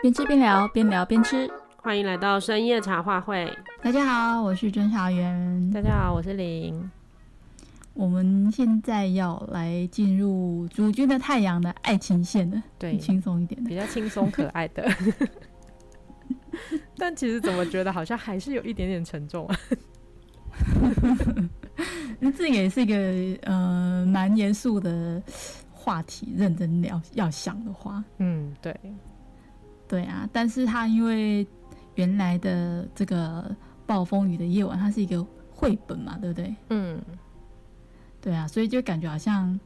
邊吃邊聊，邊聊邊吃。歡迎來到深夜茶話會。大家好，我是偵查員。大家好，我是零。我們現在要來進入《主君的太陽》的愛情線的，對，輕鬆一點的，比較輕鬆可愛的。 但其實怎麼覺得好像還是有一點點沉重。啊，呵呵，這也是一個呃蠻嚴肅的話題，認真聊要想的話，嗯，對。對啊，但是他因為原來的這個暴風雨的夜晚，它是一個繪本嘛，對不對？嗯，對啊，所以就感覺好像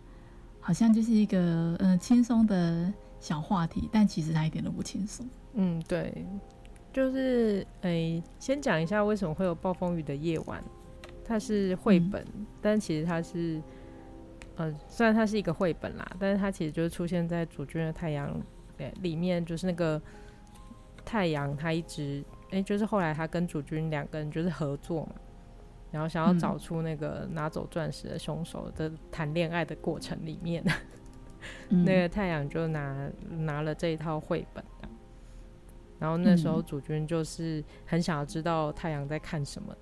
好像就是一個嗯、呃、輕鬆的小話題，但其實它一點都不輕鬆。嗯，對，就是誒，先講一下為什麼會有暴風雨的夜晚，它是繪本，嗯、但其實它是，呃，雖然它是一個繪本啦，但是它其實就是出現在主君的太陽。對，裡面就是那個太陽，他一直哎、欸，就是後來他跟主君兩個人就是合作嘛，然後想要找出那個拿走鑽石的凶手的談戀愛的過程裡面，嗯、 那個太陽就拿拿了這一套繪本，然後那時候主君就是很想要知道太陽在看什麼，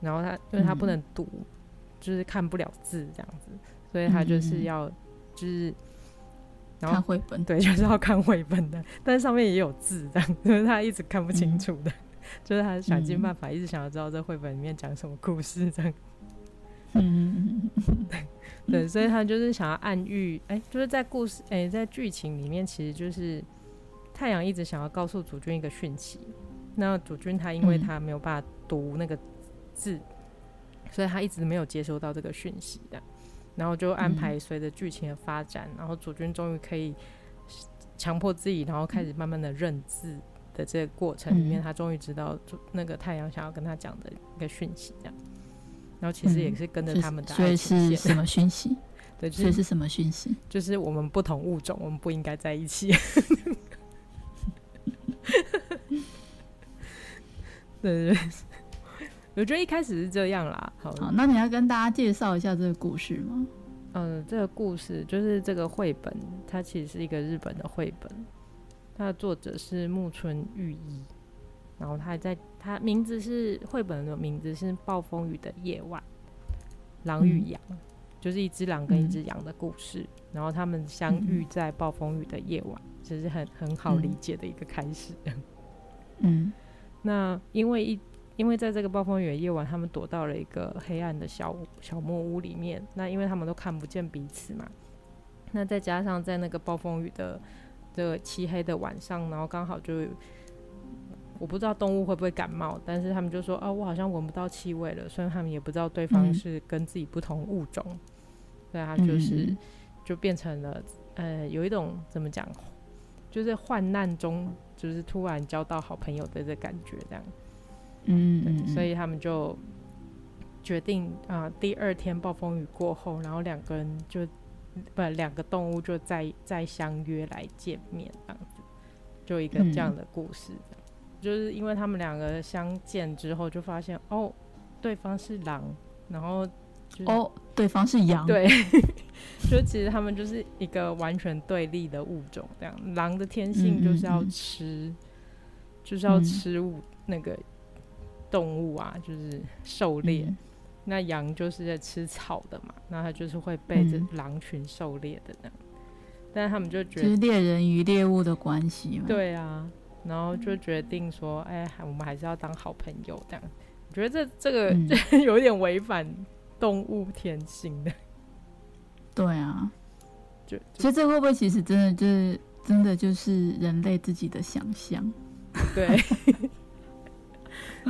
然後他因為、就是、他不能讀，嗯、就是看不了字這樣子，所以他就是要就是。嗯嗯嗯然後看繪本，對，就是要看繪本的，但上面也有字，這樣，就是他一直看不清楚的，嗯、 就是他想盡辦法，嗯、一直想要知道這繪本裡面講什麼故事，這樣，嗯對，對，所以他就是想要暗喻，哎，就是在故事，哎，在劇情裡面，其實就是太陽一直想要告訴主君一個訊息，那主君他因為他沒有辦法讀那個字，嗯、所以他一直沒有接收到這個訊息的。然後就安排隨着劇情的發展，嗯、然後主君終於可以強迫自己，然後開始慢慢的認字的這個過程裡面，嗯、他終於知道那個太陽想要跟他講的一個訊息，這樣。然後其實也是跟着他們的愛情線、嗯，所以，所以是什麼訊息？ 對，這、就是、是什麼訊息？就是我們不同物種，我們不應該在一起。 對。就是我覺得一開始是這樣啦。好，好，那你要跟大家介紹一下這個故事嗎？嗯、呃，這個故事就是這個繪本，它其實是一個日本的繪本，它的作者是木村裕一，然後他還在他名字是繪本的名字是《暴風雨的夜晚》，狼與羊，嗯、就是一只狼跟一只羊的故事，嗯、然後他們相遇在暴風雨的夜晚，這、就是很、嗯、很好理解的一個開始。嗯， 嗯，那因為一。因為在這個暴風雨的夜晚，他們躲到了一個黑暗的小小木屋裡面。那因為他們都看不見彼此嘛，那再加上在那個暴風雨的、的、這個、漆黑的晚上，然後剛好就，我不知道動物會不會感冒，但是他們就說哦、啊，我好像聞不到氣味了。所以他們也不知道對方是跟自己不同物種，對啊、嗯，所以他就是就變成了呃，有一種怎麼講，就是患難中就是突然交到好朋友的這感覺，這樣。嗯，所以他們就決定啊、呃，第二天暴風雨過後，然後兩個人就不兩個動物就再再相約來見面，這樣子就，就一個這樣的故事。嗯、就是因為他們兩個相見之後，就發現哦，對方是狼，然後、就是、哦，對方是羊，啊、對， 就其實他們就是一個完全對立的物種，這樣狼的天性就是要吃，嗯嗯、就是要吃物那個。嗯動物啊，就是狩獵，嗯、那羊就是在吃草的嘛，那它就是會被這狼群狩獵的那樣，嗯、但他們就覺得獵人與獵物的關係嘛，對啊，然後就決定說，嗯、哎，我們還是要當好朋友這樣。我覺得這這個、嗯、 有點違反動物天性的，對啊，就，就其實這會不會其實真的就是真的就是人類自己的想象？對。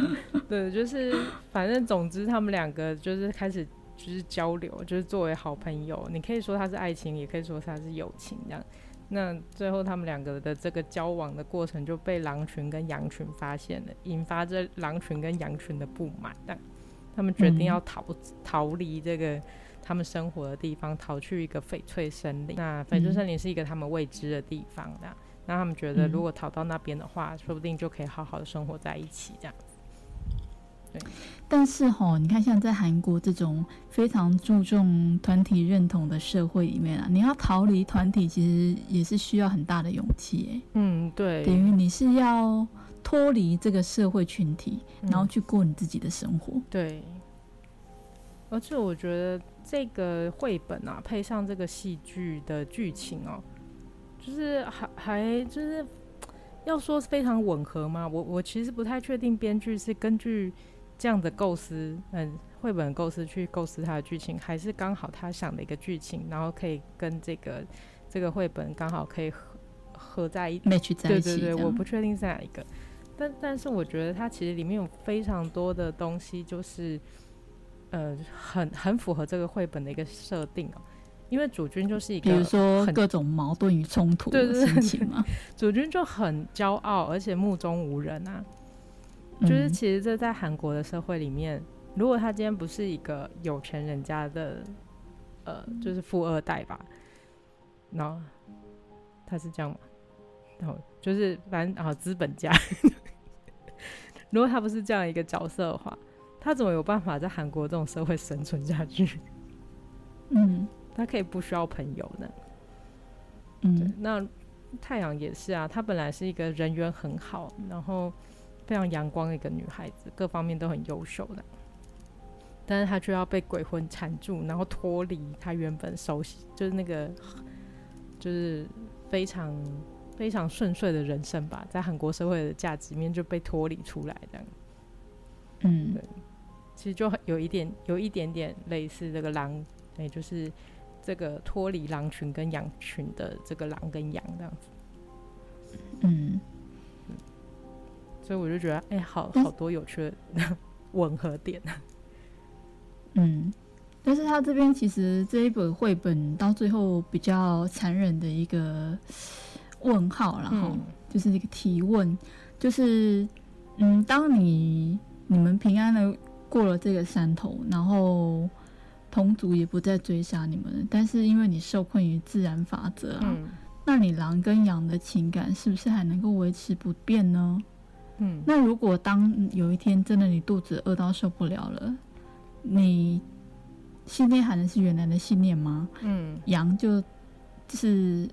對，就是反正總之，他們兩個就是開始就是交流，就是作為好朋友，你可以說他是愛情，也可以說他是友情這樣。那最後他們兩個的這個交往的過程就被狼群跟羊群發現了，引發這狼群跟羊群的不滿，但他們決定要逃、嗯、逃離這個他們生活的地方，逃去一個翡翠森林。那翡翠森林是一個他們未知的地方，那他們覺得如果逃到那邊的話，說不定就可以好好的生活在一起，這樣。但是吼，你看，像在韓國這種非常注重團體認同的社會裡面啊，你要逃離團體，其實也是需要很大的勇氣、欸、嗯，對，等於你是要脫離這個社會群體，然後去過你自己的生活。嗯、對。而且我覺得這個繪本啊，配上這個戲劇的劇情哦、啊，就是還還就是要說非常吻合嘛。我我其實不太確定編劇是根據。這樣子構思，嗯、呃，繪本構思去構思它的劇情，還是剛好他想的一個劇情，然後可以跟這個這個繪本剛好可以合，合在一，在一起。對對對，樣我不確定是哪一個，但但是我覺得它其實裡面有非常多的東西，就是呃，很很符合這個繪本的一個設定啊、喔，因為主君就是一個很，比如說各種矛盾與衝突的心情嘛，主 君就很驕傲，而且目中無人啊。就是其實這在韓國的社會裡面，嗯、如果他今天不是一個有錢人家的，呃，就是富二代吧，那他是這樣嗎？然後就是反正啊，資本家。 如果他不是這樣一個角色的話，他怎麼有辦法在韓國這種社會生存下去？嗯，嗯，他可以不需要朋友呢。嗯，那太陽也是啊，他本來是一個人緣很好，然後。非常陽光的一個女孩子，各方面都很優秀的，但是她就要被鬼魂纏住，然後脫離她原本熟悉，就是那個，就是非常非常順遂的人生吧，在韓國社會的價值面就被脫離出來這樣。嗯，其實就有一點，有一點點類似這個狼，也、欸、就是這個脫離狼群跟羊群的這個狼跟羊這樣子。嗯。所以我就覺得，哎、欸，好好多有趣的是吻合點呢。嗯，但是他這邊其實這一本繪本到最後比較殘忍的一個問號，然後就是一個提問，嗯、就是嗯，當你你們平安的過了這個山頭，嗯、然後同族也不再追殺你們，但是因為你受困於自然法則、啊，嗯，那你狼跟羊的情感是不是還能夠維持不變呢？嗯，那如果當有一天真的你肚子餓到受不了了，你信念還能是原來的信念嗎？嗯，羊就就是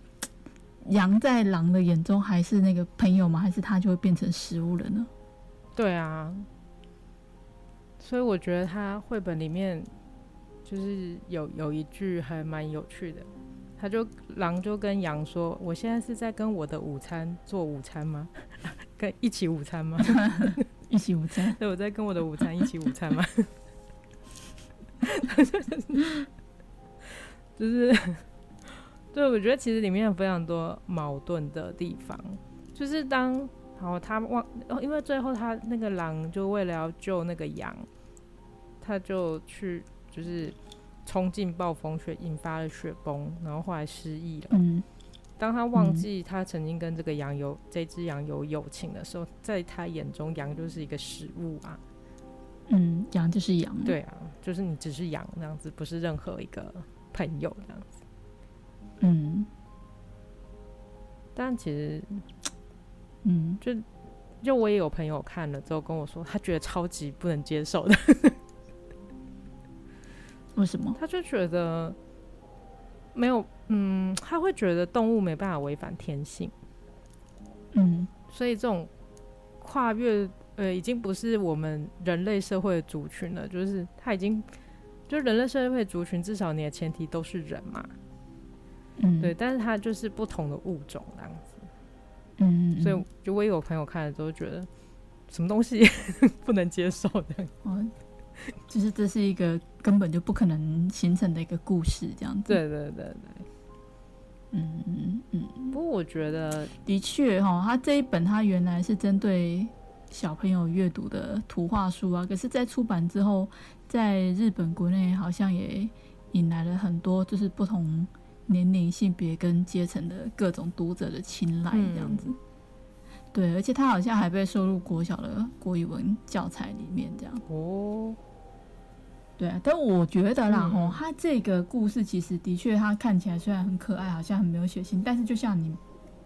羊在狼的眼中還是那個朋友嗎？還是它就會變成食物了呢？對啊，所以我覺得他繪本裡面就是有有一句還蠻有趣的。他就狼就跟羊說：“我現在是在跟我的午餐做午餐嗎？跟一起午餐嗎？ 一起午餐？ 對，我在跟我的午餐一起午餐嗎？ 就是、就是，對，我覺得其實裡面有非常多矛盾的地方。就是當，然後、哦、他忘、哦，因為最後他那個狼就為了要救那個羊，他就去就是。”衝進暴風雪，引發了雪崩，然後後來失憶了。嗯、當他忘記他曾經跟這個羊有、嗯、這隻羊有友情的時候，在他眼中，羊就是一個食物啊。嗯，羊就是羊，對啊，就是你只是羊那樣子，不是任何一個朋友這樣子。嗯，但其實，嗯，就就我也有朋友看了之後跟我說，他覺得超級不能接受的。 什麼？他就覺得沒有，嗯，他會覺得動物沒辦法違反天性，嗯，所以這種跨越，呃，已經不是我們人類社會的族群了，就是他已經，就人類社會的族群，至少你的前提都是人嘛，嗯，對，但是他就是不同的物種這樣子，嗯，嗯，嗯，所以就我有朋友看了都覺得什麼東西 不能接受的，嗯就是這是一個根本就不可能形成的一個故事，這樣子。對對對對，嗯、nice. 嗯嗯。嗯，不過我覺得，的確哈、哦，他這一本他原來是針對小朋友閱讀的圖畫書啊，可是，在出版之後，在日本國內好像也引來了很多就是不同年齡、性別跟階層的各種讀者的青睞，這樣子。嗯對，而且他好像還被收入國小的國語文教材裡面這樣。哦，對啊，但我覺得啦，吼、嗯，他這個故事其實的確，他看起來雖然很可愛，好像很沒有血腥，但是就像你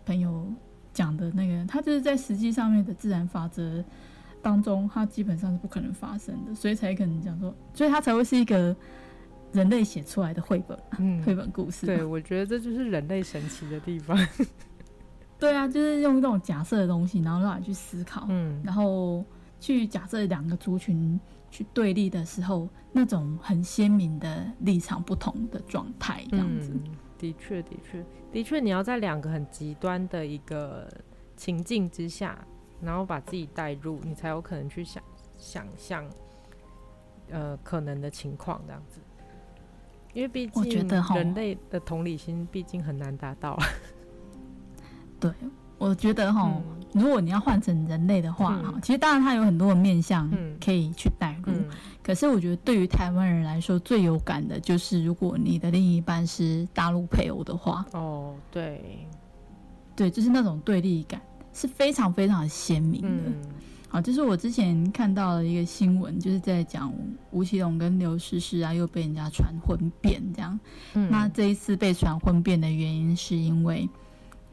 朋友講的那個，他就是在實際上面的自然法則當中，他基本上是不可能發生的，所以才可能講說，所以他才會是一個人類寫出來的繪本，嗯，繪本故事。對，我覺得這就是人類神奇的地方。 對啊，就是用這種假設的東西，然後讓你去思考，嗯，然後去假設兩個族群去對立的時候，那種很鮮明的立場不同的狀態，這樣子、嗯。的確，的確，的確，你要在兩個很極端的一個情境之下，然後把自己帶入，你才有可能去想想象，呃，可能的情況這樣子。因為畢竟人類的同理心，畢竟很難達到。 對，我覺得哈，嗯、如果你要換成人類的話哈，是其實當然它有很多的面向可以去帶入。嗯、可是我覺得對於台灣人來說、嗯、最有感的就是，如果你的另一半是大陸配偶的話，哦，對，對，就是那種對立感是非常非常的鮮明的。嗯、好，就是我之前看到了一個新聞，就是在講吳奇隆跟劉詩詩啊又被人家傳婚變這樣。嗯、那這一次被傳婚變的原因是因為。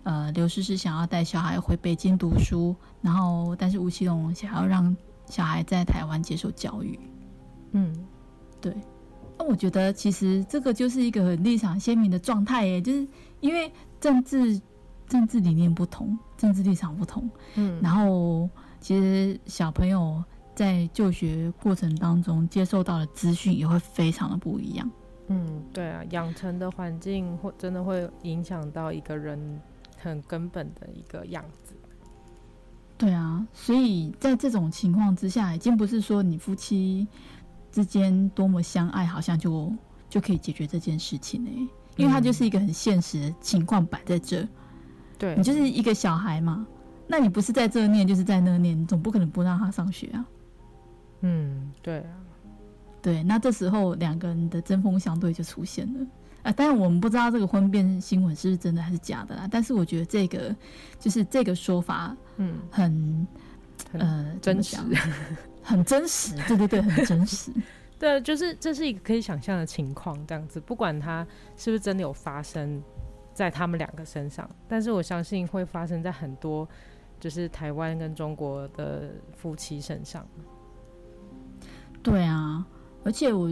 呃，劉詩詩想要帶小孩回北京讀書，然後但是吳奇隆想要讓小孩在台灣接受教育。嗯，對。那我覺得其實這個就是一個立場鮮明的狀態耶，就是因為政治政治理念不同，政治立場不同。嗯，然後其實小朋友在就學過程當中接受到的資訊也會非常的不一樣。嗯，對啊，養成的環境會真的會影響到一個人。很根本的一個樣子，對啊，所以在這種情況之下，已經不是說你夫妻之間多麼相愛，好像就就可以解決這件事情嘞，欸，因為他就是一個很現實的情況擺在這。對、嗯、你就是一個小孩嘛，對那你不是在這念就是在那念，你總不可能不讓他上學啊。嗯，對啊，對，那這時候兩個人的針鋒相對就出現了。啊、呃，但是我們不知道這個婚變新聞是不是真的還是假的啦。但是我覺得這個就是這個說法，嗯，很呃真實呃，很真實，對對對，很真實， 對、啊，就是這是一個可以想象的情況，這樣子，不管它是不是真的有發生在他們兩個身上，但是我相信會發生在很多就是台灣跟中國的夫妻身上。對啊，而且我。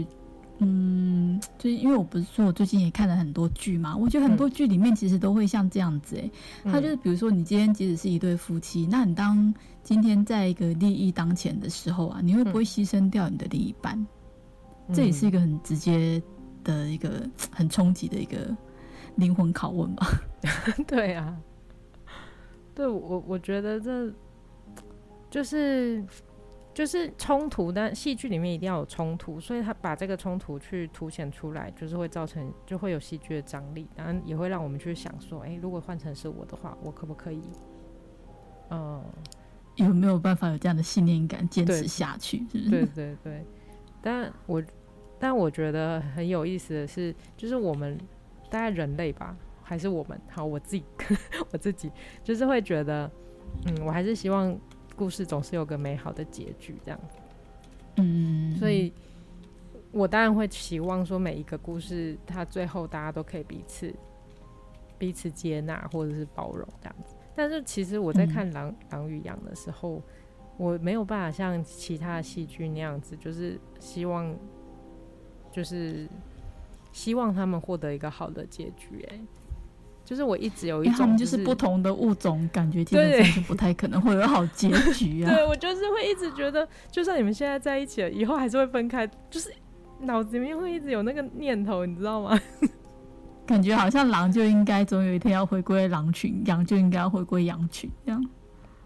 嗯，就因為我不是說，我最近也看了很多劇嘛，我覺得很多劇裡面其實都會像這樣子、欸，他、嗯、就是比如說，你今天即使是一對夫妻，嗯、那你當今天在一個利益當前的時候啊，你會不會犧牲掉你的另一半？嗯、這也是一個很直接的一個很衝擊的一個靈魂拷問吧？ 對啊，對我我覺得這就是。就是衝突，但戲劇裡面一定要有衝突，所以他把這個衝突去凸顯出來，就是會造成就會有戲劇的張力，然後也會讓我們去想說，哎、欸，如果換成是我的話，我可不可以，嗯、呃，有沒有辦法有這樣的信念感堅持下去？對，對對對。 但我但我覺得很有意思的是，就是我們大概人類吧，還是我們，好，我自己 我自己就是會覺得，嗯，我還是希望。故事總是有個美好的結局，這樣。嗯，所以我當然會期望說每一個故事，它最後大家都可以彼此彼此接納或者是包容這樣子。但是其實我在看狼《狼狼與羊》的時候，嗯、我沒有辦法像其他的戲劇那樣子，就是希望，就是希望他們獲得一個好的結局、欸。就是我一直有一種就、欸，就是不同的物種，就是、感覺天真是不太可能會有好結局啊。對，欸、 對我就是會一直覺得，就算你們現在在一起了，以後還是會分開，就是腦子裡面會一直有那個念頭，你知道嗎？感覺好像狼就應該總有一天要回歸狼群，羊就應該要回歸羊群這樣。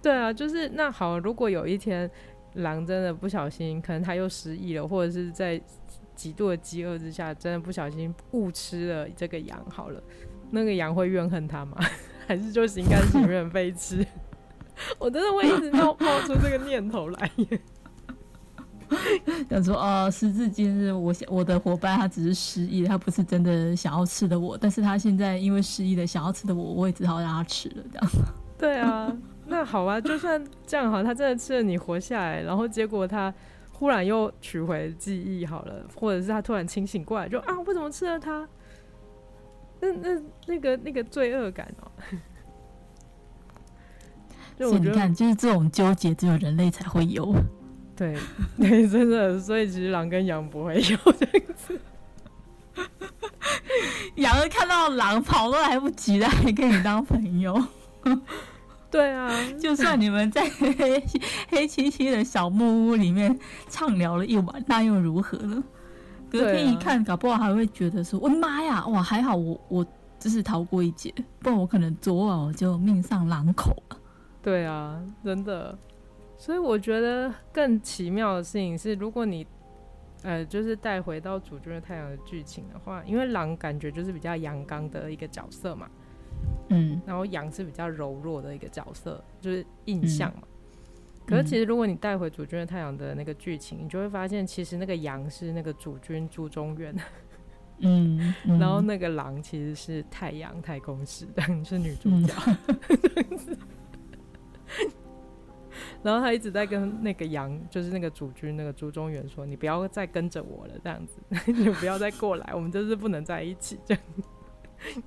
對啊，就是那好，如果有一天狼真的不小心，可能他又失憶了，或者是在極度的飢餓之下，真的不小心誤吃了這個羊，好了。那個羊會怨恨他嗎？ 還是就心甘情願被吃？ 我真的會一直冒冒出這個念頭來耶。想說哦，時至今日，我想我的伙伴他只是失憶，他不是真的想要吃的我，但是他現在因為失憶的想要吃的我，我也只好讓他吃了。這樣。對啊，那好吧、啊，就算這樣好，他真的吃了你活下來，然後結果他忽然又取回記憶好了，或者是他突然清醒過來，就啊，我怎麼吃了他？那那那個那個罪惡感哦、喔， 你看，就是這種糾結只有人類才會有，對，對，真的，所以其實狼跟羊不會有這樣子。 羊看到狼跑都來不及了，還跟你當朋友？ 對啊，就算你們在黑 黑漆漆的小木屋裡面暢聊了一晚，那又如何呢？隔天一看，啊、搞不好還會覺得說：“我的媽呀，哇，還好我我只是逃過一劫，不然我可能昨晚我就命喪狼口了。”對啊，真的。所以我覺得更奇妙的事情是，如果你呃，就是帶回到《主君的太陽》的劇情的話，因為狼感覺就是比較陽剛的一個角色嘛，嗯，然後羊是比較柔弱的一個角色，就是印象嘛。嗯可是，其實如果你帶回《主君的太陽》的那個劇情，嗯、你就會發現，其實那個羊是那個主君朱中元。嗯，嗯然後那個狼其實是太陽太恭實的，是女主角。然後他一直在跟那個羊，就是那個主君那個朱中元說：“你不要再跟着我了，這樣子，你不要再過來， 我們就是不能在一起這樣子。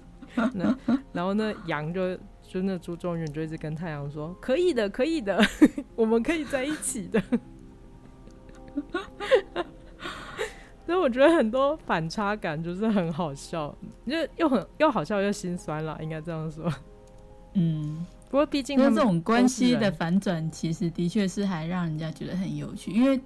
然”然後呢，羊就就那朱中元就一直跟太陽說：“可以的，可以的。”我們可以在一起的， 所以我覺得很多反差感就是很好笑，又又很又好笑又心酸了，應該這樣說。嗯，不過畢竟這種關係的反轉，其實的確是還讓人家覺得很有趣，因為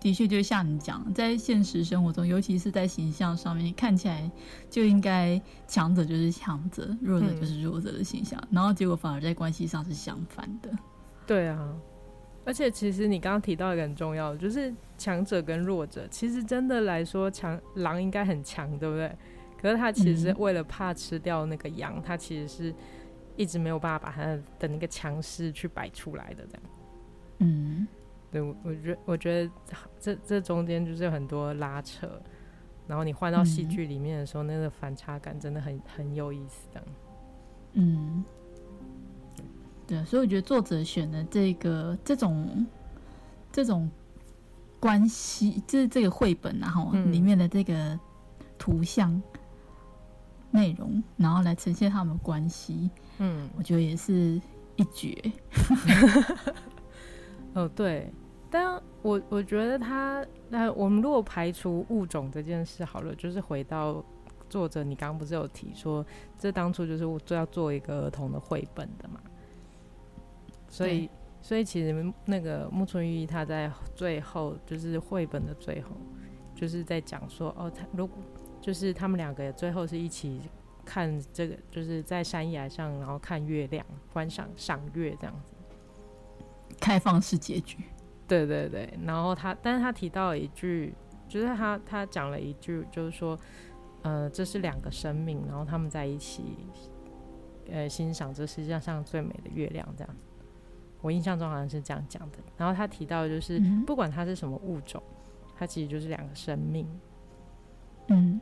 的確就像你講，在現實生活中，尤其是在形象上面，看起來就應該強者就是強者，弱者就是弱者的形象，嗯、然後結果反而在關係上是相反的。對啊。而且，其實你剛剛提到一個很重要的，就是強者跟弱者。其實真的來說，強狼應該很強，對不對？可是他其實為了怕吃掉那個羊，嗯、他其實是一直沒有辦法把他的那個強勢去擺出來的，這樣。嗯，對，我覺我覺得這這中間就是有很多拉扯。然後你換到戲劇裡面的時候，那個反差感真的很很有意思，這樣。嗯。對，所以我覺得作者選的這個這種這種關係，就是這個繪本然後、啊、嗯、裡面的這個圖像內容，然後來呈現他們關係，嗯，我覺得也是一絕。嗯、 哦，對，但我我覺得他那我們如果排除物種這件事好了，就是回到作者，你剛剛不是有提說這當初就是我就要做一個兒童的繪本的嘛？所以，對所以其實那個木村裕一他在最後，就是繪本的最後，就是在講說哦，他如就是他們兩個也最後是一起看這個，就是在山崖上，然後看月亮，觀賞賞月這樣子。開放式結局，對對對。然後他，但是他提到一句，就是他他講了一句，就是說，呃，這是兩個生命，然後他們在一起，呃，欣賞這世界上最美的月亮這樣。我印象中好像是這樣講的。然後他提到，就是不管它是什麼物種，它其實就是兩個生命。嗯，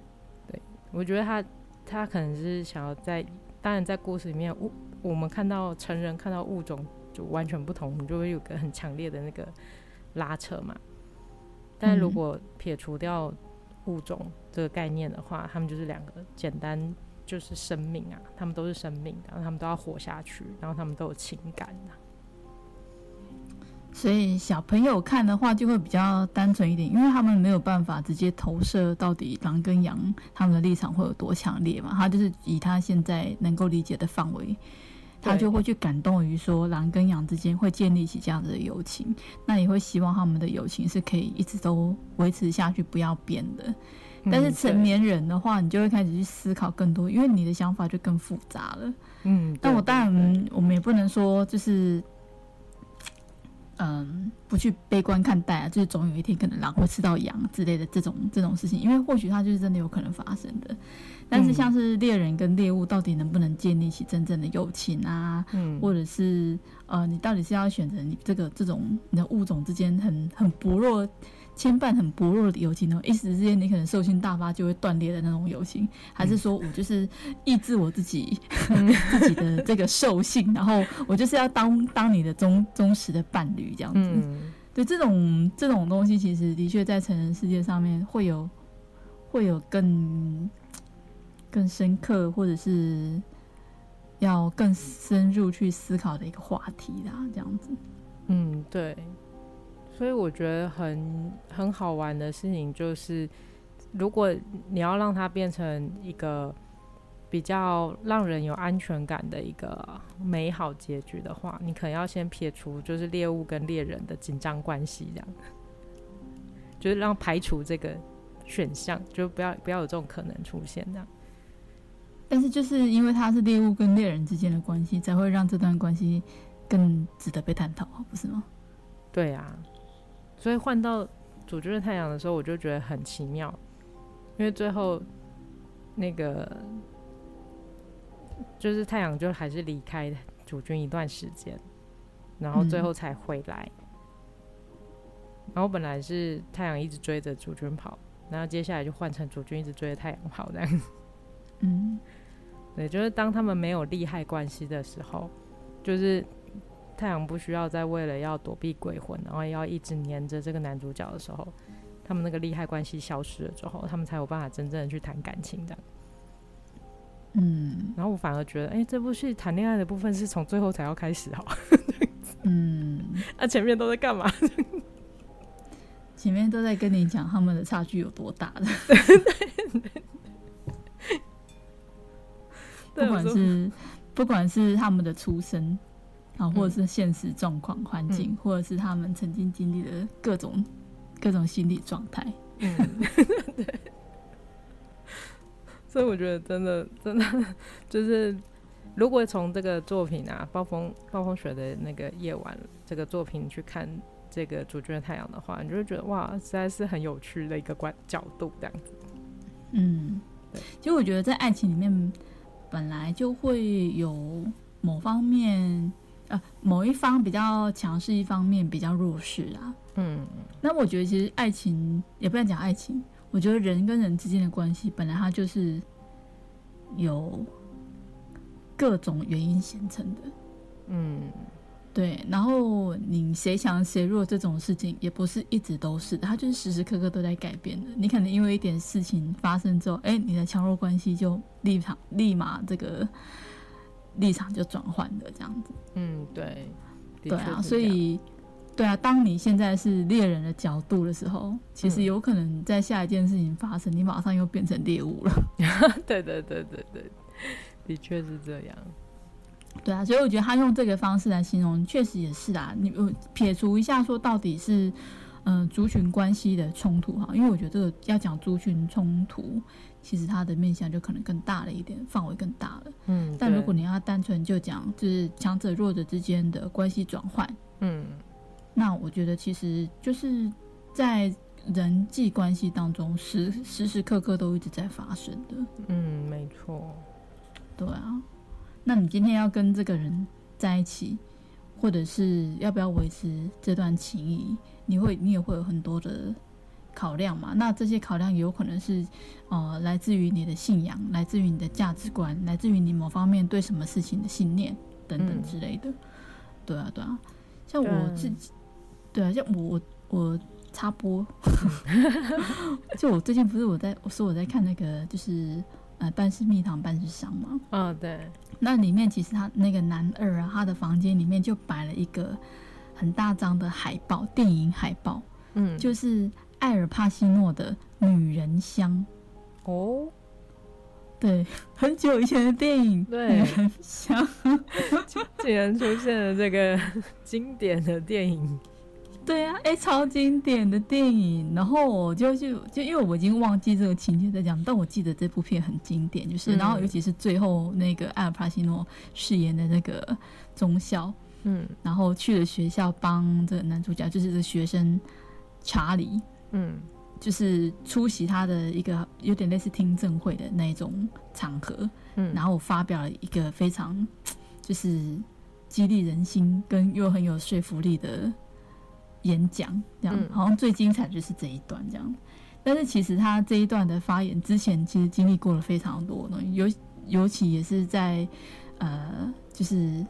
對，我覺得他他可能是想要在當然在故事裡面物我，我們看到成人看到物種就完全不同，就會有個很強烈的那個拉扯嘛。但如果撇除掉物種這個概念的話，他們就是兩個簡單就是生命啊，他們都是生命啊，然後他們都要活下去，然後他們都有情感啊所以小朋友看的話，就會比較單純一點，因為他們沒有辦法直接投射到底狼跟羊他們的立場會有多強烈嘛，他就是以他現在能夠理解的範圍，對他就會去感動於說狼跟羊之間會建立起這樣子的友情，那也會希望他們的友情是可以一直都維持下去，不要變的。但是成年人的話，嗯、你就會開始去思考更多，因為你的想法就更複雜了。嗯，但我當然我們，我們也不能說就是。嗯，不去悲觀看待啊，就是總有一天可能狼會吃到羊之類的這種這種事情，因為或許它就是真的有可能發生的。但是像是獵人跟獵物到底能不能建立起真正的友情啊，嗯，或者是呃，你到底是要選擇你這個這種你的物種之間很很薄弱，牽絆很薄弱的友情呢，一時之間你可能獸性大發就會斷裂的那種友情，還是說我就是抑制我自己、嗯、 自己的這個獸性，然後我就是要當當你的忠忠實的伴侶這樣子。嗯、對，這種這種東西，其實的確在成人世界上面會有會有更更深刻，或者是要更深入去思考的一個話題啦，這樣子。嗯，對。所以我覺得很很好玩的事情就是，如果你要讓它變成一個比較讓人有安全感的一個美好結局的話，你可能要先撇除就是獵物跟獵人的緊張關係，這樣，就是讓排除這個選項，就不要不要有這種可能出現這樣。但是就是因為它是獵物跟獵人之間的關係，才會讓這段關係更值得被探討，不是嗎？對啊。所以換到主君的太陽的時候，我就覺得很奇妙，因為最後那個就是太陽就還是離開主君一段時間，然後最後才回來，嗯、然後本來是太陽一直追着主君跑，然後接下來就換成主君一直追着太陽跑這樣子，嗯，對，就是當他們沒有利害關係的時候，就是。太陽不需要再為了要躲避鬼魂，然後要一直黏着這個男主角的時候，他們那個利害關係消失了之後，他們才有辦法真正的去談感情這樣，的嗯，然後我反而覺得，哎、欸，這部戲談戀愛的部分是從最後才要開始哈。 嗯，那、啊、前面都在幹嘛？ 前面都在跟你講他們的差距有多大的 不管是不管是他們的出身。啊，或者是現實狀況、環、嗯、境，嗯、或者是他們曾經經歷的各種各種心理狀態。嗯， 對。所以我覺得，真的，真的就是，如果從這個作品啊，《暴風暴風雪的那個夜晚》這個作品去看這個主君的太陽的話，你就會覺得哇，實在是很有趣的一個觀角度，這樣子。嗯，對其實我覺得，在愛情裡面，本來就會有某方面。呃，某一方比較強勢，一方面比較弱勢啊。嗯，那我覺得其實愛情，也不能講愛情，我覺得人跟人之間的關係，本來它就是有各種原因形成的。嗯，對。然後你誰強誰弱這種事情，也不是一直都是的，它就是時時刻刻都在改變的。你可能因為一點事情發生之後，哎、欸，你的強弱關係就立場立馬這個，立場就轉換的這樣子，嗯，對，對啊，所以，對啊，當你現在是獵人的角度的時候，其實有可能在下一件事情發生，嗯、你馬上又變成獵物了。對對對對對，的確是這樣。對啊，所以我覺得他用這個方式來形容，確實也是啊。你撇除一下說，到底是嗯、呃、族群關係的衝突哈，因為我覺得這個要講族群衝突。其實他的面向就可能更大了一點，範圍更大了。嗯，但如果你要單純就講就是強者弱者之間的關係轉換，嗯，那我覺得其實就是在人際關係當中時時時刻刻都一直在發生的。嗯，沒錯，對啊。那你今天要跟這個人在一起，或者是要不要維持這段情誼，你會你也會有很多的。考量嘛，那這些考量有可能是，呃，來自於你的信仰，來自於你的價值觀，來自於你某方面對什麼事情的信念等等之類的。嗯、對啊，對啊，像我自己，對，對啊，像我我，我插播， 就我最近不是我在我說我在看那個就是呃《半是蜜糖半是傷》嘛，啊、哦、對，那裡面其實他那個男二啊，他的房間裡面就擺了一個很大張的海報，電影海報，嗯，就是。艾爾帕西諾的《女人香》哦，對，很久以前的電影，對《女人香》 竟然出現了這個經典的電影，對呀、啊、哎、欸，超經典的電影。然後我就就就因為我已經忘記這個情節在講，但我記得這部片很經典，就是、嗯、然後尤其是最後那個艾爾帕西諾飾演的那個中校，嗯，然後去了學校幫這個男主角，就是這個學生查理。嗯，就是出席他的一個有點類似聽證會的那種場合，嗯，然後我發表了一個非常就是激勵人心跟又很有說服力的演講，這樣、嗯、好像最精彩就是這一段這樣。但是其實他這一段的發言之前其實經歷過了非常多的東西，尤尤其也是在呃，就是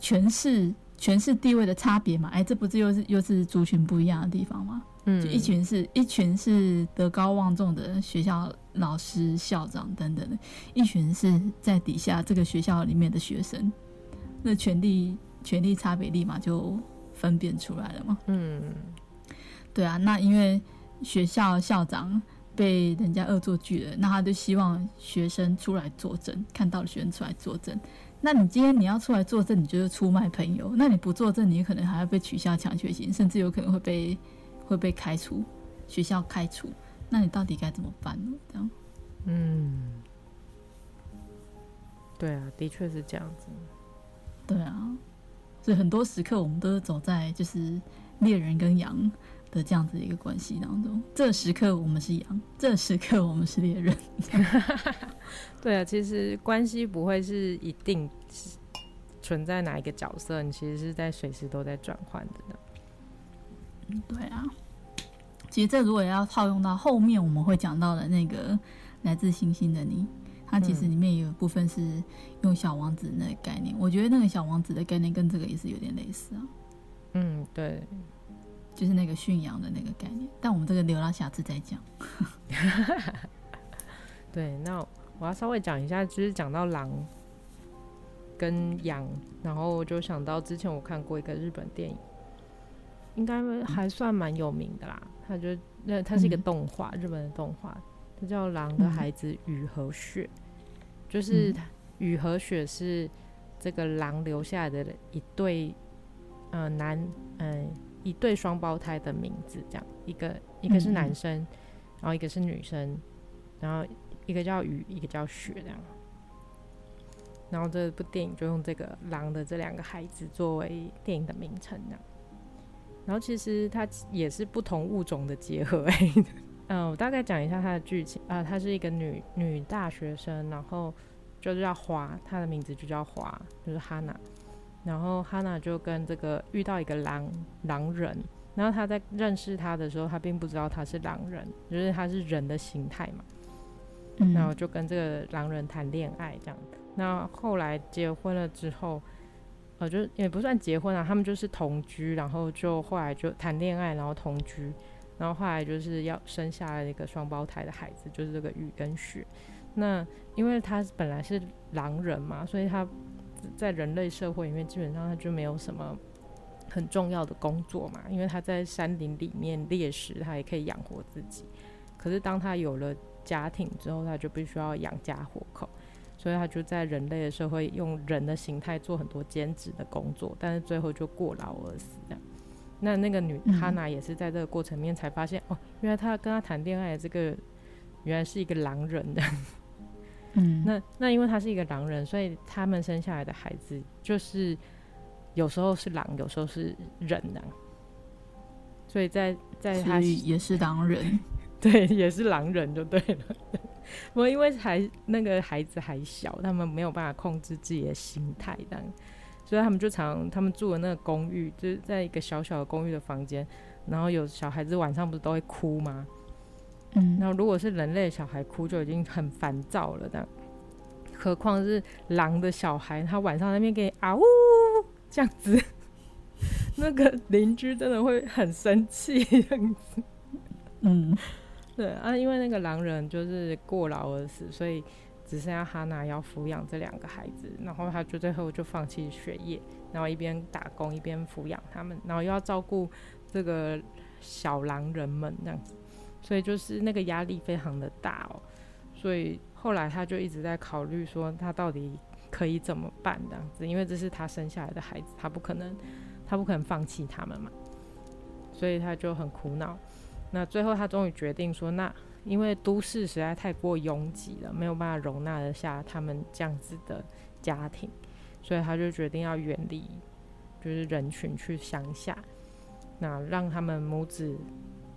詮釋。權勢地位的差別嘛，哎、欸，這不是又是又是族群不一樣的地方嘛。嗯，就一群是一群是德高望重的學校老師、校長等等的，一群是在底下這個學校裡面的學生，那權力權力差別立馬就分辨出來了嘛。嗯，對啊，那因為學校校長被人家惡作劇了，那他就希望學生出來作證，看到了學生出來作證。那你今天你要出來作證，你就是出賣朋友；那你不作證，你可能還要被取消獎學金，甚至有可能會被會被開除學校開除。那你到底該怎麼辦呢？這樣？嗯，對啊，的確是這樣子。對啊，所以很多時刻，我們都是走在就是獵人跟羊的這樣子的一個關係當中，這時刻我們是羊，這時刻我們是獵人。 對啊，其實關係不會是一定是存在哪一個角色，你其實是在隨時都在轉換的。嗯，對啊。其實這如果要套用到後面我們會講到的那個來自星星的你，它其實裡面有一部分是用小王子的那個概念，嗯，我覺得那個小王子的概念跟這個也是有點類似啊。嗯，對。就是那個馴養的那個概念，但我們這個留到下次再講。 對，那我要稍微講一下，就是講到狼跟羊，然後我就想到之前我看過一個日本電影，應該還算蠻有名的啦。嗯、它就那它是一個動畫，嗯、日本的動畫，它叫《狼的孩子雨和雪》。嗯、就是雨和雪是這個狼留下來的一對，呃男，嗯一對雙胞胎的名字，這樣一個一個是男生，嗯、哼然後一個是女生，然後一個叫雨，一個叫雪，這樣。然後這部電影就用這個狼的這兩個孩子作為電影的名稱，這樣。然後其實它也是不同物種的結合，欸。嗯、 呃，我大概講一下它的劇情啊、呃，它是一個女女大學生，然後就叫華，她的名字就叫華，就是哈娜。然後哈娜就跟這個遇到一個狼狼人，然後他在認識他的時候，他並不知道他是狼人，就是他是人的形態嘛。嗯、哼然後就跟這個狼人談戀愛這樣子。那後，後來結婚了之後，呃，就也不算結婚啊，他們就是同居，然後就後來就談戀愛，然後同居，然後後來就是要生下來一個雙胞胎的孩子，就是這個雨跟雪。那因為他本來是狼人嘛，所以他。在人類社會裡面，基本上他就沒有什麼很重要的工作嘛，因為他在山林裡面獵食，他也可以養活自己。可是當他有了家庭之後，他就必須要養家活口，所以他就在人類的社會用人的形態做很多兼職的工作，但是最後就過勞而死的那那個女哈娜、嗯、也是在這個過程裡面才發現，哦，原來他跟他談戀愛這個原來是一個狼人的。嗯，那那因為他是一個狼人，所以他們生下來的孩子就是有時候是狼，有時候是人呢、啊。所以在在他是也是狼人，對，也是狼人就對了。 不過因為還那個孩子還小，他們沒有辦法控制自己的心態，這樣，所以他們就常他們住的那個公寓，就是在一個小小的公寓的房間。然後有小孩子晚上不是都會哭嗎？嗯，那如果是人類的小孩哭就已經很煩躁了這樣，何況是狼的小孩，他晚上在那邊給你啊嗚這樣子，那個鄰居真的會很生氣樣子。嗯，對啊，因為那個狼人就是過勞而死，所以只剩下哈娜要撫養這兩個孩子，然後他就最後就放棄學業，然後一邊打工一邊撫養他們，然後又要照顧這個小狼人們這樣子。所以就是那個壓力非常的大哦，所以後來他就一直在考慮說他到底可以怎麼辦這樣子，因為這是他生下來的孩子，他不可能，他不可能放棄他們嘛，所以他就很苦惱。那最後他終於決定說，那因為都市實在太過擁擠了，沒有辦法容納得下他們這樣子的家庭，所以他就決定要遠離，就是人群去鄉下，那讓他們母子，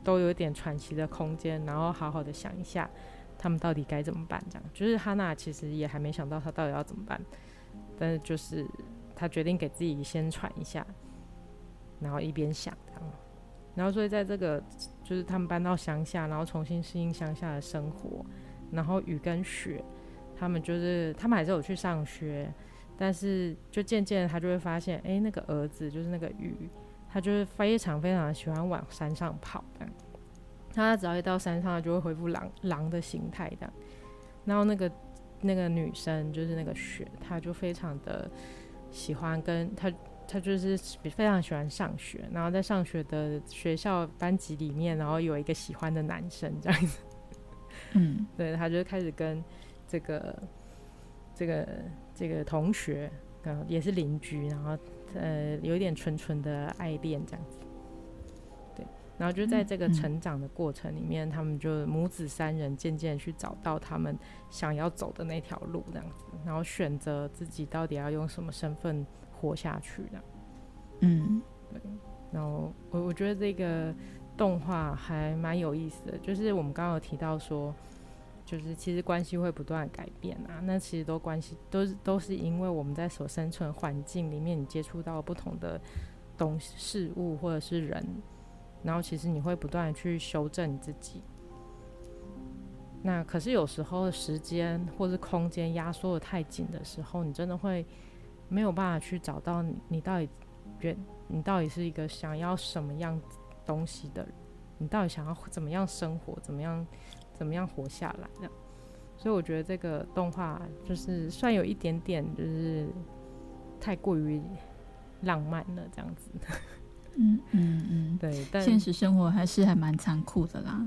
都有一點喘息的空間，然後好好的想一下，他們到底該怎麼辦？這樣，就是哈娜其實也還沒想到他到底要怎麼辦，但是就是他決定給自己先喘一下，然後一邊想這樣，然後所以在這個就是他們搬到鄉下，然後重新適應鄉下的生活，然後雨跟雪，他們就是他們還是有去上學，但是就漸漸他就會發現，哎、欸，那個兒子就是那個雨，他就是非常非常喜歡往山上跑的，他只要一到山上，就會恢復狼狼的形態的。然後那個那個女生就是那個雪，她就非常的喜歡跟他，他就是非常喜歡上學。然後在上學的學校班級裡面，然後有一個喜歡的男生這樣子。嗯，對，他就開始跟這個這個這個同學嗯，也是鄰居，然後。呃，有一點純純的愛戀這樣子，對，然後就在這個成長的過程裡面，嗯嗯、他們就母子三人漸漸去找到他們想要走的那條路這樣子，然後選擇自己到底要用什麼身份活下去這樣，嗯，對，然後我我覺得這個動畫還蠻有意思的，就是我們剛剛有提到說，就是其實關係會不斷改變啊，那其實都關係都是都是因為我們在所生存環境裡面，你接觸到不同的東西事物或者是人，然後其實你會不斷去修正你自己。那可是有時候時間或是空間壓縮得太緊的時候，你真的會沒有辦法去找到你，你到底原你到底是一個想要什麼樣子東西的人，你到底想要怎麼樣生活，怎麼樣？怎麼樣活下來？所以我覺得這個動畫就是算有一點點，就是太過於浪漫了，這樣子。嗯嗯嗯，嗯嗯對，但現實生活還是還蠻殘酷的啦。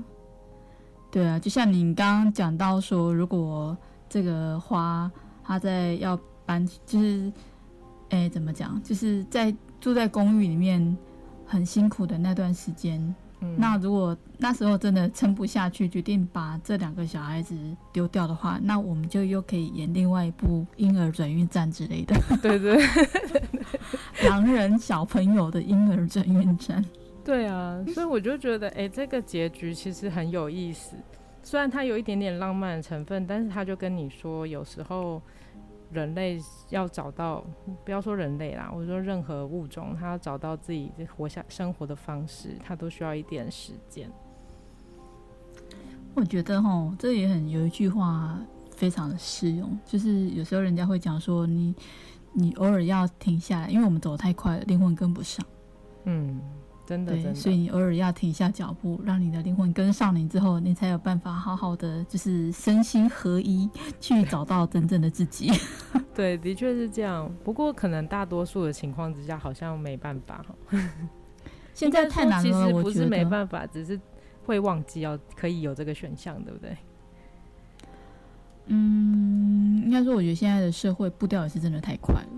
對啊，就像你剛剛講到說，如果這個花他在要搬，就是，哎，怎麼講？就是在住在公寓裡面很辛苦的那段時間。那如果那時候真的撐不下去，決定把這兩個小孩子丟掉的話，那我們就又可以演另外一部嬰兒轉運站之類的。對對， 狼人小朋友的嬰兒轉運站。對啊，所以我就覺得，哎，這個結局其實很有意思。雖然它有一點點浪漫的成分，但是他就跟你說，有時候。人類要找到，不要說人類啦，我說任何物種，它要找到自己活下生活的方式，它都需要一點時間。我覺得齁，這也很有一句話非常的適用，就是有時候人家會講說你，你你偶爾要停下來，因為我們走得太快了，靈魂跟不上。嗯。真的真的對，所以你偶爾要停下腳步，讓你的靈魂跟上你，之後你才有辦法好好的，就是身心合一，去找到真正的自己。對， 對，的確是這樣。不過可能大多數的情況之下，好像沒辦法。 現在太難了，其實不是沒辦法，只是會忘記哦，可以有這個選項，對不對？嗯，應該說，我覺得現在的社會步調也是真的太快了。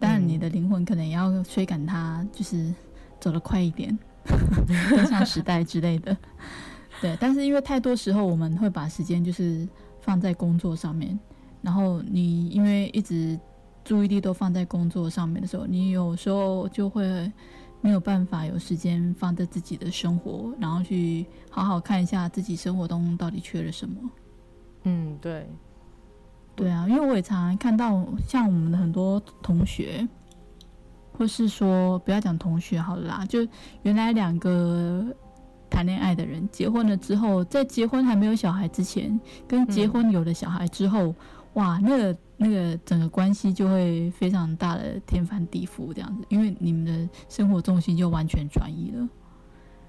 但你的靈魂可能也要追趕它，就是。走得快一點，跟上時代之類的。對，但是因為太多時候我們會把時間就是放在工作上面，然後你因為一直注意力都放在工作上面的時候，你有時候就會沒有辦法有時間放在自己的生活，然後去好好看一下自己生活中到底缺了什麼。嗯，對。對，對啊，因為我也常常看到像我們的很多同學。就是說，不要講同學好啦，就原來兩個談戀愛的人結婚了之後，在結婚還沒有小孩之前，跟結婚有了小孩之後，嗯、哇，那個那個整個關係就會非常大的天翻地覆這樣子，因為你們的生活重心就完全轉移了。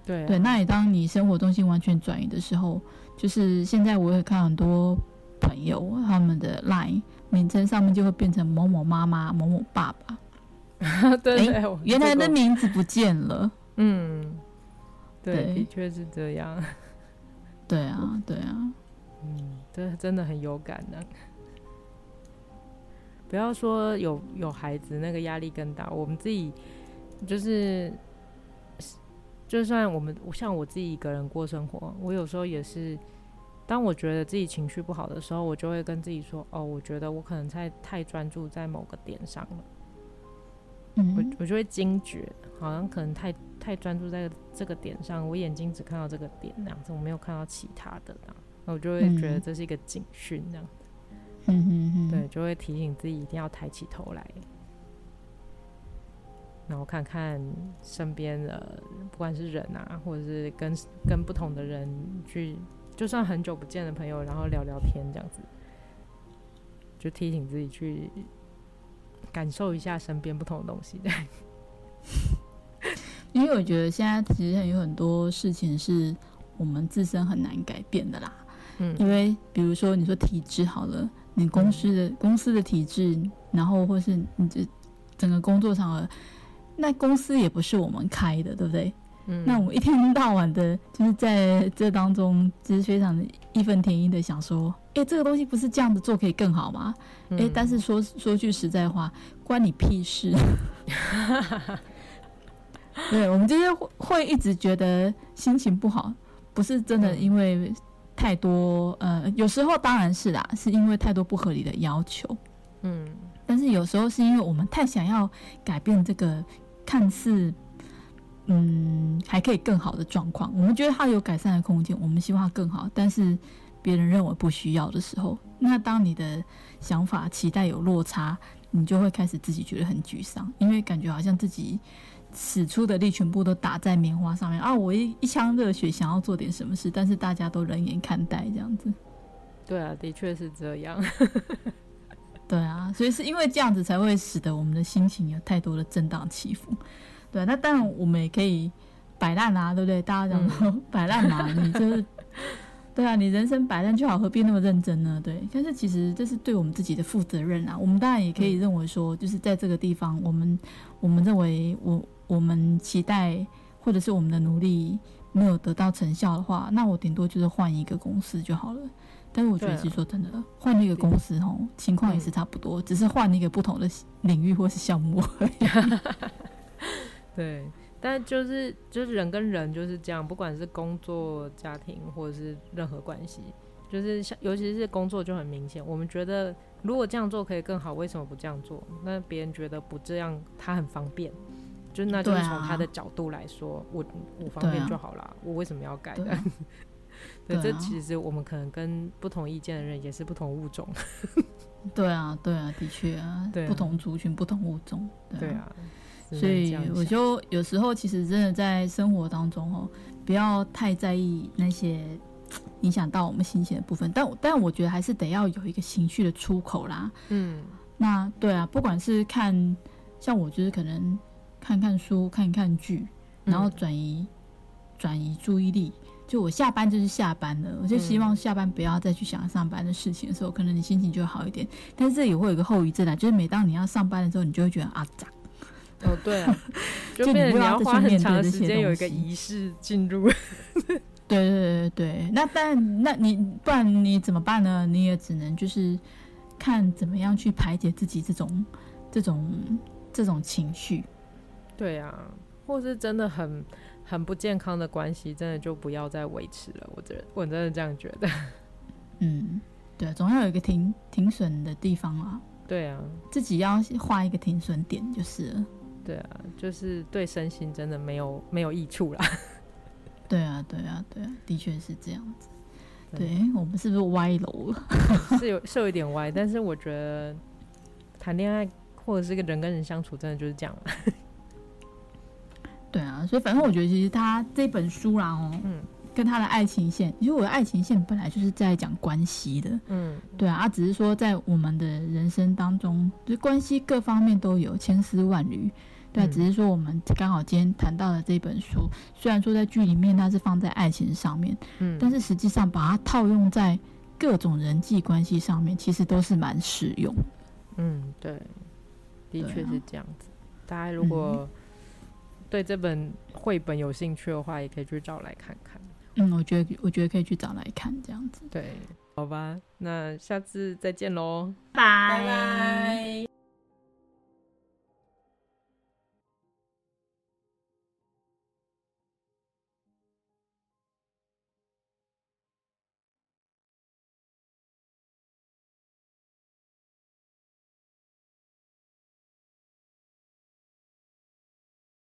對、啊，對，那也當你生活重心完全轉移的時候，就是現在我也看很多朋友他們的 LINE 名稱上面就會變成某某媽媽、某某爸爸。 對，對對，欸這個、原來的名字不見了。 嗯，對，對的確是這樣。 對啊，對啊，嗯，真的很有感呢、啊。不要說有有孩子那個壓力更大，我們自己就是，就算我們，像我自己一個人過生活，我有時候也是，當我覺得自己情緒不好的時候，我就會跟自己說：“哦，我覺得我可能在太專注在某個點上了。”我我就會驚覺，好像可能太太專注在這個點上，我眼睛只看到這個點啊，那樣子我沒有看到其他的啊，那我就會覺得這是一個警訊，這樣子。嗯嗯嗯，對，就會提醒自己一定要抬起頭來，然後看看身邊的，不管是人啊，或者是跟跟不同的人去，就算很久不見的朋友，然後聊聊天這樣子，就提醒自己去。感受一下身邊不同的東西，對，因為我覺得現在其實有很多事情是我們自身很難改變的啦。嗯，因為比如說你說體制好了，你公司的、嗯、公司的體制，然後或是你這整個工作場合，那公司也不是我們開的，對不對？嗯，那我們一天到晚的就是在這當中，就是非常義憤填膺的想說。誒、欸，這個東西不是這樣子做可以更好嗎？誒、嗯欸，但是說說句實在話，關你屁事。 對，我們就是會一直覺得心情不好，不是真的因為太多。嗯、呃，有時候當然是啦、啊，是因為太多不合理的要求。嗯，但是有時候是因為我們太想要改變這個看似嗯還可以更好的狀況，我們覺得它有改善的空間，我們希望更好，但是。別人認為不需要的時候，那當你的想法期待有落差，你就會開始自己覺得很沮喪，因為感覺好像自己使出的力全部都打在棉花上面啊！我一,一腔熱血想要做點什麼事，但是大家都冷眼看待這樣子。對啊，的確是這樣。 對啊，所以是因為這樣子才會使得我們的心情有太多的震盪起伏。對啊，那當然我們也可以擺爛啊，對不對？大家講擺爛嘛，你就是。對啊，你人生擺爛就好，何必那麼認真呢？對，但是其實這是對我們自己的負責任啊。我們當然也可以認為說，嗯、就是在這個地方，我們我們認為、嗯、我我們期待或者是我們的努力沒有得到成效的話，那我頂多就是換一個公司就好了。但是我覺得，其實說真的，換一個公司哦，對情況也是差不多，對只是換一個不同的領域或是項目而已。 對。但就是就是人跟人就是這樣，不管是工作、家庭或者是任何關係，就是像尤其是工作就很明顯。我們覺得如果這樣做可以更好，為什麼不這樣做？那別人覺得不這樣他很方便，就那就是從他的角度來說，對啊、我我方便就好了，對啊、我為什麼要改的？對，對啊、 對，這其實我們可能跟不同意見的人也是不同物種。 對啊，對啊，的確啊，對啊不同族群、不同物種。對啊。對啊所以我就有時候其實真的在生活當中哦、喔，不要太在意那些影響到我們心情的部分。但我但我覺得還是得要有一個情緒的出口啦。嗯，那對啊，不管是看像我就是可能看看書、看看劇，然後轉移轉移注意力。就我下班就是下班了，我就希望下班不要再去想上班的事情的時候，可能你心情就會好一點。但是這也會有個後遺症啊，就是每當你要上班的時候，你就會覺得啊，咋？哦，對啊，就不要花很長的時間，有一個儀式進入。 對對對對，那但那你不然你怎麼辦呢？你也只能就是看怎麼樣去排解自己這種這種這種情緒。對啊，或是真的很很不健康的關係，真的就不要再維持了。我覺得我真的這樣覺得。嗯，對啊，總要有一個停停損的地方啊。對啊，自己要畫一個停損點就是了對啊，就是對身心真的沒有沒有益處啦。對啊，對啊，對啊，的確是這樣子。真的。對，我們是不是歪樓了？是有，是有一點歪， 但是我覺得談戀愛或者是個人跟人相處，真的就是這樣啊。對啊，所以反正我覺得其實他這本書啦，哦，嗯。跟他的愛情線，因為我的愛情線本來就是在講關係的，嗯，對啊，只是說在我們的人生當中，就是關係各方面都有千絲萬縷，對啊，嗯，只是說我們剛好今天談到了這本書，雖然說在劇裡面它是放在愛情上面，嗯，但是實際上把它套用在各種人際關係上面，其實都是蠻實用的，嗯，對，的確是這樣子。啊，大家如果對這本繪本有興趣的話，也可以去找來看看。我覺得我覺得可以去找來看這樣子。對，好吧，那下次再見嘍，拜拜。